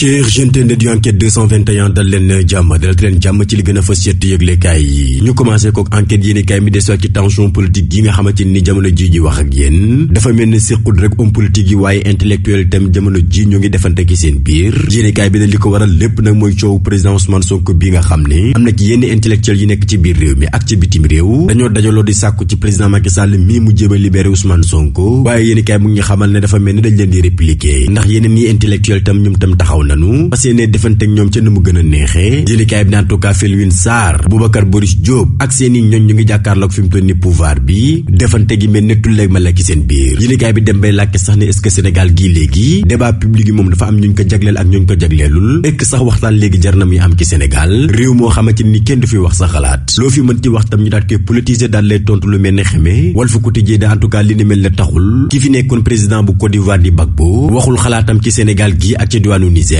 cher jentenet yu enquête 221 dal leen jàmm dal leen jàmm ci li gën a fës yëglekaay yi ñu commencé kook enquête yéeni mi des ci tension politique yi nga xamante ni jamono ji ji wax ak yéen dafa mel ni séqul rek homme politique yi waaye intellectuel itam jamono ji ñu ngi defante ki seen biir yéeni bi ne li ko waral lépp nag mooy coow président Ousmane Sonko bi nga xam ne am na ci yenn intellectuel yi nekk ci biir réew mi ak ci bitim réew dañoo dajaloo di sàkku ci président Macky a libéré Ousmane Sonko waaye yéeni kaay mu ngi lañu fas yéene defante ñoom ca na mu gën a néexee bi na tukaa Felwine Sarr Boubacar Boris Diop ak seen i ñooñ ñu ngi jàkkaarloog fi mu toll ni pouvoir bi defante gi mel ne bi dem bay làkke sax ne est-ce que Sénégal gii léegi débat public am ñuñ ko jagleel ak ñuñ ko jagleelul est-ce que sax jar na muy am ci Sénégal réew moo xamante ni kenn du fi wax sa xalaat loo fi mën ci wax tam ñu daat koy politiser daal lay tontu lu mel ne xeme Walf Quotidien da en tout cas li ni ne taxul ki fi nekkoon président bu Côte d'Ivoire di Gbagbo waxul xalaatam ci Sénégal gi ak ci diwaanu Niger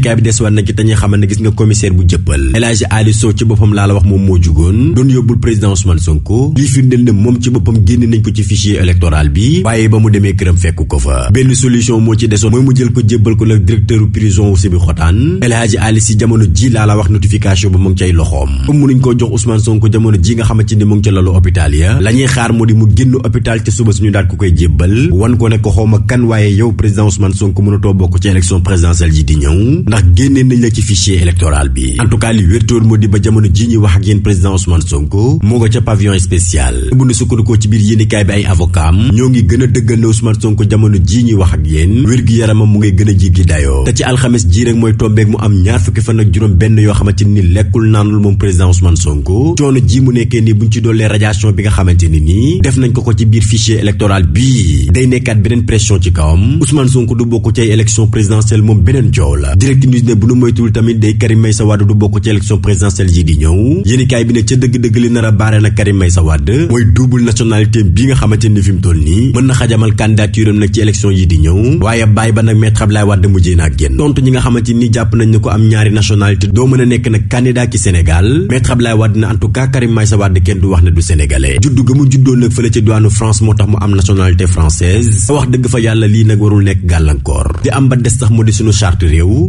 yéenekaay bi des waat ne gis nga commissaire bu jëppal El Hadji la wax moom moo jugoon doon yóbbul président Ousmane Sonko lii firndeel ne moom ci boppam génn nañ ko ci fichier électoral bi waaye ba mu demee këram fekk ko fa benn solution moo ci desoon mooy mu jël ko jébbal ko la directeur prison wu Sébikotane El Hadji Ali si jamono ji laa la wax notification ba mu ngi cay loxoom comme mënuñ ko jox Ousmane Sonko jamono ji nga xamante ni mu ngi ca lalu hôpital ya la ñuy xaar moo di mu génn hôpital ca suba suñu daal ko koy jébbal wan ko ne ko xawma kan waaye yow président Ousmane Sonko mënatoo bokk ci élection présidentielle ji di ñëw ndax génnee nañ la ci fichier électoral bi en tout cas li wértóor moo di ba jamono ji ñuy wax ak yéen président Ousmane Sonko gën a dëggal ne Ousmane Sonko jamono ji ñuy wax ak yéen wér-gu-yaramam mu ngay gën a jéggi dayoo te ci alxames ji rek mooy tombeeg mu am ñaar ni lekkul naanul moom président Ousmane Sonko coono ji mu nekkee nii buñ ci dollee radiation bi nga ni nii ko ko ci biir fichier électoral bii day nekkaat beneen pression ci kawam Ousmane Sonko du bokk ci ay élection présidentielle moom beneen coow la timis ne bu nu moytuwul tamit day Karim Meïssa Wade du bokk ci élection présidentielle yi di ñëw yéenekaay bi ne ca dëgg-dëgg li nar a baare na Karim Meïssa Wade mooy double nationalité bi nga xamante ni fi mu toll nii mën na xajamal candidature am nag ci élection yi di ñëw waaye bàyyi ba nag Maître Abdoulaye Wade mujjee naa génn tontu ñi nga xamante ni jàpp nañ ko am ñaari nationalité doo mën a nekk nag candidat ci Sénégal Maître Abdoulaye Wade ne en tout cas Karim Meïssa Wade du wax ne du sénégalais juddu ga mu juddoo nag fële ci diwaanu dëgg fa yàlla lii nag warul nekk gàllankoor di am ba des sax moo di sunu charte réew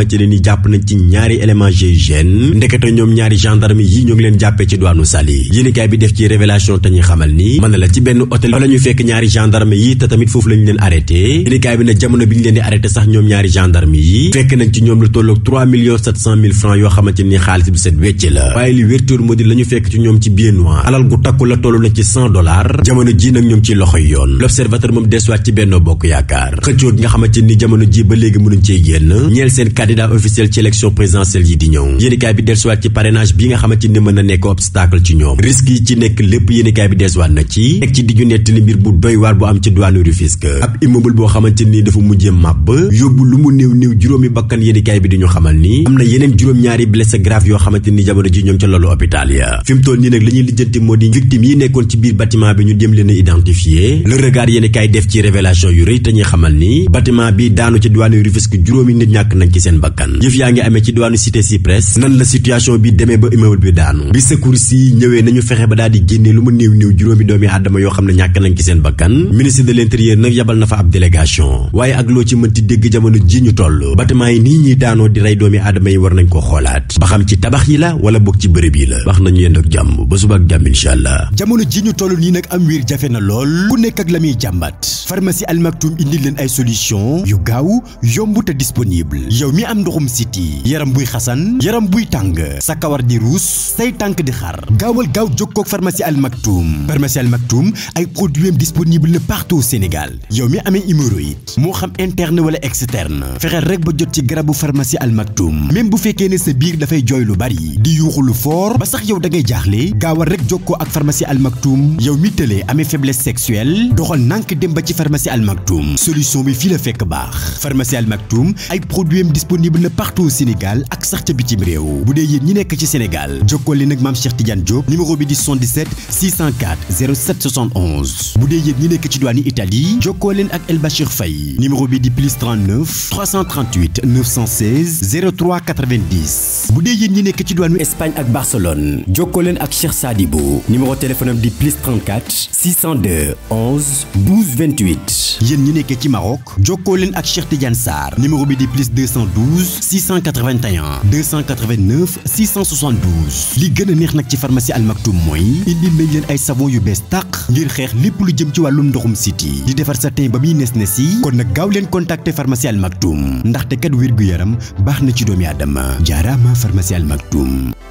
xamante jàpp nañ ci ñaari élément GIGN ndekete ñoom ñaari gendarme yi ñoo ngi leen jàppee ci douane Saly yéenekaay bi def ci révélation te ñuy xamal ni mën na la ci benn hôtel la ñu fekk ñaari gendarme yi fekk nañ ci ñoom lu tolloog 3 millions francs yoo xamante ni xaalis bi set wecc la waaye li wértóor moo di fekk ci ñoom ci billet alal gu takku la tollu na ci 100 jamono ji nag ñoom ci loxoy yoon l'observateur moom desuwaat ci candidat officiel ci élection présidentielle yi di ñëw yéenekaay bi dellusiwaat ci parrainage bi nga xamal ni am bi daanu ci douane Rufisque juróomi nit ñàkk nañ ci seen bakkan jëf yaa ngi amee ci diwaanu cité Cyprès nan la situation bi demee ba immeuble bi daanu bi secours yi ñëwee nañu fexe ba daal di génne lu mu néew néew juróomi doomi aadama yoo xam ne ñàkk nañ ci seen bakkan ministre de l'intérieur nag yabal na fa ab délégation waaye ak loo ci mënti dégg jamono jii ñu toll bâtiment yi nii ñuy daanoo di rey doomi aadama yi war nañ ko xoolaat ba xam ci tabax yi la wala boog ci bërëb yi la wax nañu yéen ak jàmm ba suba ak jàmm incha allah jamono ji ñu toll nii nag am wiir jafe na lool ku nekk ak la muy jàmbat pharmacie Al Maktoum indi leen ay solution yu gaaw yomb te disponible yow mi am ndoxum siti yaram buy xasan yaram buy tàng sa kawar di ruus say tànk di xar gaawal gaaw jokkoog pharmacie Al Maktoum pharmacie Al Maktoum ay produits disponible partout au Sénégal yow mi amee hémorroïde moo xam interne wala externe fexeel rek ba jot ci garabu pharmacie Al Maktoum même bu fekkee ne sa biir dafay jooy lu bari di yuuxu lu foor ba sax yow da ngay jaaxle gaawal rek ko ak pharmacie Al Maktoum yow mi tëlee amee faiblesse sexuelle doxal nànk dem ba ci pharmacie Al Maktoum solution bi fii la fekk baax pharmacie Al Maktoum ay produits disponible partout au Sénégal ak sax bi ci réew bu dee yéen ñi nekk ci Sénégal jokkoo leen ak maam Cheikh Tidiane Diop numéro bi di 77 604 07 71 bu dee yéen ñi nekk ci diwaanu Italie jokkoo leen ak El Bachir Faye numéro bi di plus 39 338 916 03 90 bu dee yéen ñi nekk ci diwaanu Espagne ak Barcelone jokkoo leen ak Cheikh Sadibou numéro téléphone am di plus 34 602 11 12 28 yéen ñi nekkee ci Maroc jokkoo leen ak Cheikh Tidiane Sarr numéro bi di plus 212 672 681 289 672 li gën neex nag ci pharmacie Al mooy indi nañ leen ay savon yu bees tàq ngir xeex lépp lu jëm ci wàllum ndoxum siti di defar sa teen ba muy nes nes yi kon nag gaaw leen contacter pharmacie Al Maktoum ndaxte kat wér gu yaram baax na ci doomi aadama jaaraama pharmacie Al Maktoum